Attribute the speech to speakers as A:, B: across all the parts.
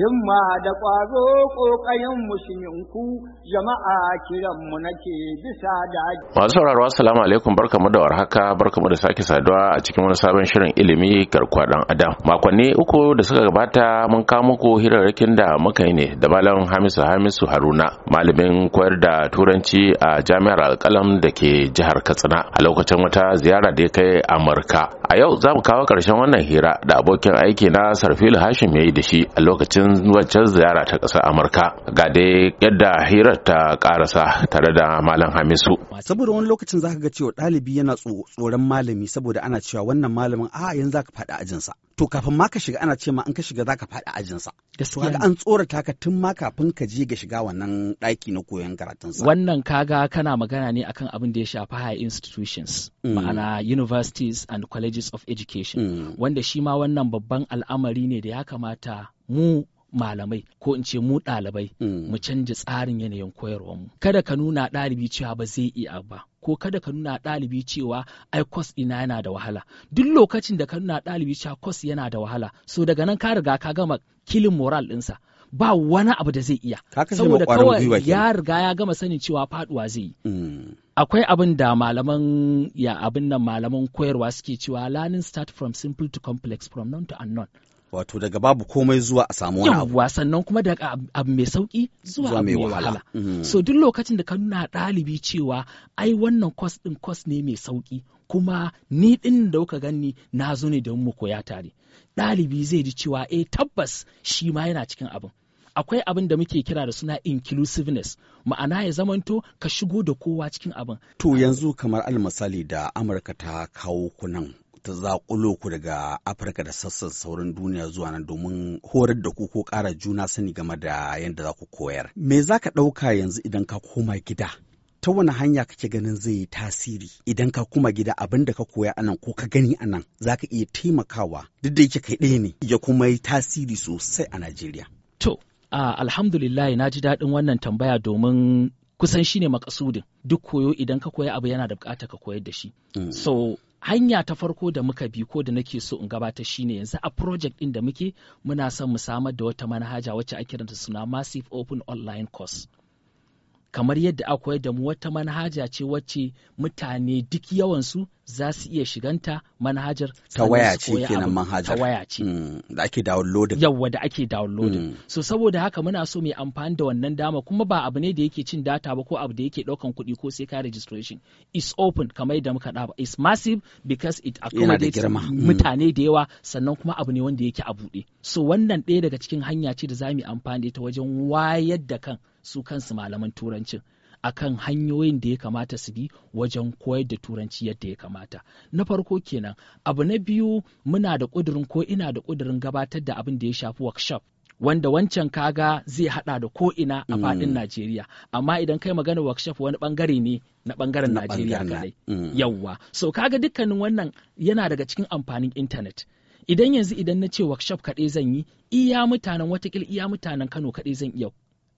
A: himma da ƙwazo ƙayan musulminku jama'a kiranmu nake bisa
B: da Masu sauraro assalamu alaikum barkamu da warhaka barkamu da sake saduwa a cikin wani sabon shirin ilimi garkuwa dan adam. Makonni uku da suka gabata mun kawo muku hirarrakin da muka yi ne da malam Hamisu Hamisu Haruna malamin koyar da turanci a jami'ar alƙalam da ke jihar Katsina a lokacin wata ziyara da ya kai Amurka. A yau za mu kawo ƙarshen wannan hira da abokin aiki na Sarfilu Hashim ya yi da shi a lokacin cikin waccan ziyara ta ƙasar amurka ga dai yadda hirar ta ƙarasa tare da malam hamisu
C: saboda wani lokacin zaka ga cewa ɗalibi yana tsoron malami saboda ana cewa wannan malamin a yanzu zaka faɗi ajinsa to kafin ma ka shiga ana ce ma in ka shiga zaka faɗi ajinsa kaga an tsorata ka tun ma kafin ka je ga shiga wannan daki na koyon karatunsa
A: wannan kaga kana magana ne akan abin da ya shafi high institutions mm. ma'ana universities and colleges of education mm. wanda shi ma wannan babban al'amari ne da ya kamata mu malamai ko in ce mu ɗalibai mm. mu canja tsarin yanayin koyarwar mu kada ka nuna ɗalibi cewa ba zai iya ba ko kada ka nuna ɗalibi cewa ai kwas ina yana da wahala duk lokacin da ka nuna ɗalibi cewa kwas yana da wahala so daga nan ka riga ka gama kilin moral ɗinsa ba wani abu da zai iya saboda kawai ya riga ya gama sanin cewa faduwa zai yi mm. akwai abin da malaman ya abin nan malaman koyarwa suke cewa learning start from simple to complex from non to unknown
C: wato daga babu komai zuwa a samu wani
A: abu sannan kuma daga abu mai sauki zuwa abu mai wahala mm-hmm. so duk lokacin da ka nuna ɗalibi cewa ai wannan kwas ɗin kwas ne mai sauki kuma ni ɗin da kuka gani na zo ne don mu koya tare ɗalibi zai ji cewa eh tabbas shi ma yana cikin abin akwai abin da muke kira da suna inclusiveness ma'ana ya zamanto ka shigo da kowa cikin abin
C: to yanzu kamar almasali da amurka ta kawo kunan ta zaƙulo ku daga Afirka da sassan sauran duniya zuwa nan domin horar da ku ko ƙara juna sani game da yadda za ku koyar. Me za ka ɗauka yanzu idan ka koma gida? Ta wani hanya kake ganin zai yi tasiri idan ka kuma gida abin da ka koya anan ko ka gani anan za ka iya
A: taimakawa
C: duk da yake kai ɗaya ne ya kuma yi tasiri sosai a Najeriya.
A: To, alhamdulillah na ji daɗin wannan tambaya domin kusan shine makasudin duk koyo idan ka koya abu yana da bukata ka koyar da shi mm. so hanya ta farko da muka bi ko da nake so in gabata shine yanzu a project din da muke muna son mu samar da wata manhaja wacce ake kiranta suna massive open online course kamar yadda akwai da mu wata manhaja ce wacce mutane duk yawansu za su iya shiganta manhajar ta waya ce kenan manhajar ta ce
C: da ake downloading yawa da ake downloading mm.
A: so saboda haka muna so mai amfani da wannan dama kuma ba abu ne da yake cin data ba ko abu da yake daukan kuɗi ko sai ka registration is open kamar yadda muka ɗaba is massive because it accommodates mm. mutane da yawa sannan kuma abu ne wanda yake a buɗe so wannan ɗaya daga cikin hanya ce da za mu amfani da ita wajen wayar da kan su kansu malaman turanci. akan hanyoyin da ya kamata su bi wajen koyar da turanci yadda ya kamata na farko kenan abu na biyu muna da ƙudurin ko ina da ƙudurin gabatar da abin da ya shafi workshop wanda wancan kaga zai hada da ko ina a faɗin mm. Najeriya amma idan kai magana workshop wani bangare ne na bangaren Najeriya kadai mm. yawwa so kaga dukkanin wannan yana daga cikin amfanin intanet idan yanzu idan na ce workshop kaɗai zan yi iya mutanen watakila iya mutanen Kano kaɗai zan iya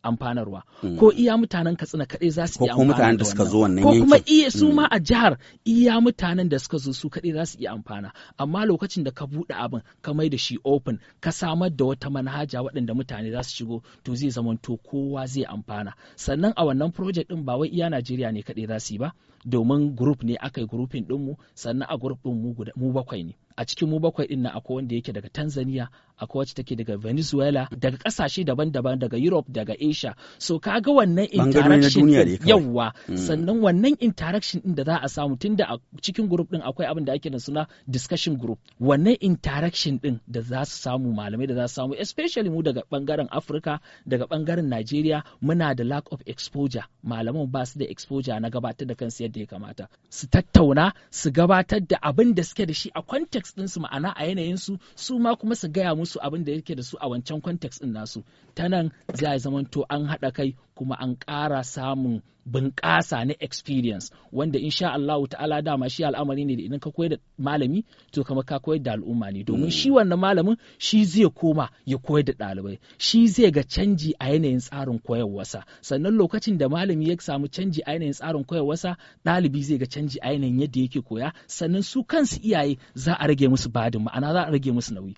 A: amfanarwa mm. ko iya mutanen katsina kaɗai za su iya amfana da
C: wannan ko kuma iya su ma
A: mm. a jihar iya mutanen da suka zo su kaɗai za su iya amfana amma lokacin da ka buɗe abin ka mai da shi open ka samar da wata manhaja waɗanda mutane za su shigo to zai zamanto kowa zai amfana sannan a wannan project ɗin ba wai iya Najeriya ne kaɗai za su yi ba domin group ne aka yi grupin dinmu sannan a group din mu bakwai ne a cikin mu bakwai din na akwai wanda yake daga Tanzania akwai wacce take daga Venezuela daga kasashe daban-daban daga Europe daga Asia so kaga wannan interaction yawa mm. sannan wannan interaction din da za a samu tunda a cikin group din akwai abin da ake da suna discussion group wannan interaction din da za su samu malamai da za su samu especially mu daga bangaren Africa daga bangaren Nigeria muna da lack of exposure malaman ba su da exposure na gabatar da kansu yadda yadda ya kamata su tattauna su gabatar da abin da suke da shi a context su ma'ana a yanayin su su ma kuma su gaya musu abin da yake da su a wancan context ɗin nasu ta nan za a zamanto an haɗa kai kuma an ƙara samun bunƙasa na experience wanda insha Allah ta'ala dama shi al'amari ne da idan ka koyar da malami to kamar ka koyar da al'umma ne domin shi hmm. wannan malamin shi zai koma ya koyar da ɗalibai shi zai ga canji a yanayin tsarin koyarwarsa sannan lokacin da malami ya samu canji a yanayin tsarin koyarwarsa ɗalibi zai ga canji a yanayin yadda yake koya sannan su kansu iyaye za a rage musu badin ma'ana za a rage musu nauyi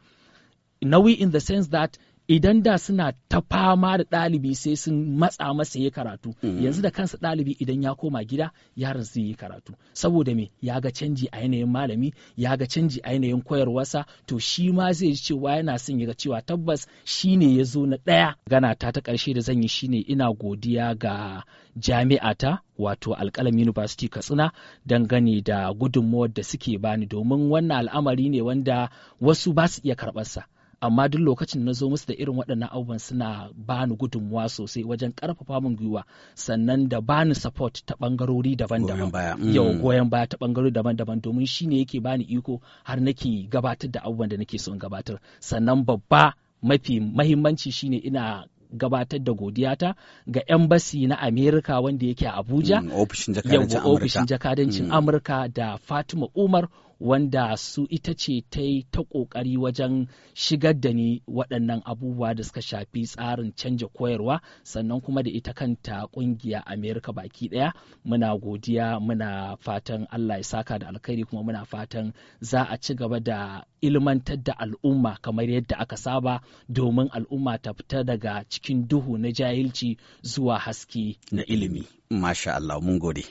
A: nauyi in the sense that idan da suna ta fama da ɗalibi sai sun matsa masa ya karatu mm-hmm. yanzu da kansa ɗalibi idan ya koma gida yaron zai yi karatu saboda me ya ga canji a yanayin malami ya ga canji a yanayin koyarwarsa to shi ma zai ji cewa yana son ya ga cewa tabbas shi ne ya zo na ɗaya gana ta ta ƙarshe da zan yi shine ina godiya ga jami'a ta wato alƙalam university katsina gani da gudunmawar da suke bani domin wannan al'amari ne wanda wasu ba su iya karɓarsa amma duk lokacin na zo musu da irin waɗannan abubuwan suna bani gudunmuwa sosai wajen ƙarfafa min gwiwa sannan da bani support ta ɓangarori daban-daban mm. yau goyon baya ta ɓangarori daban-daban domin shi ne yake bani iko har nake gabatar da abubuwan da nake son gabatar sannan babba mafi mahimmanci shine ina gabatar da godiyata ga embassy na Amerika wanda yake a Abuja. Mm, ofishin jakadancin mm. Amurka. da Fatima Umar wanda su ita ce ta yi ta ƙoƙari wajen shigar da ni waɗannan abubuwa da suka shafi tsarin canja koyarwa sannan kuma da ita kanta ƙungiya amerika baki ɗaya muna godiya muna fatan allah ya saka da alkhairi kuma muna fatan za a ci gaba da ilmantar da al'umma kamar yadda aka saba domin al'umma ta fita daga cikin duhu na jahilci zuwa haske na ilimi masha allah mun gode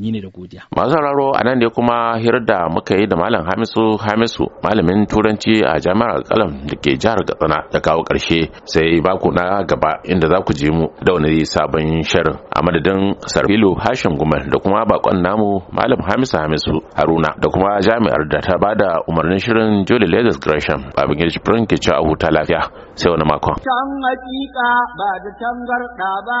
A: ni ne
B: da godiya masu sauraro a nan ne kuma hirar da muka yi da malam hamisu hamisu malamin turanci a jami'ar alƙalam da ke jihar katsina da kawo ƙarshe, sai baku na gaba inda za ku ji mu da wani sabon shirin a madadin sarfilo hashim gumal da kuma bakon namu malam hamisu hamisu haruna da kuma jami'ar da ta bada umarnin shirin jolly ladies gresham babin girshi ke ci a huta lafiya sai wani makon. can
A: hakika ba da tangarɗa ba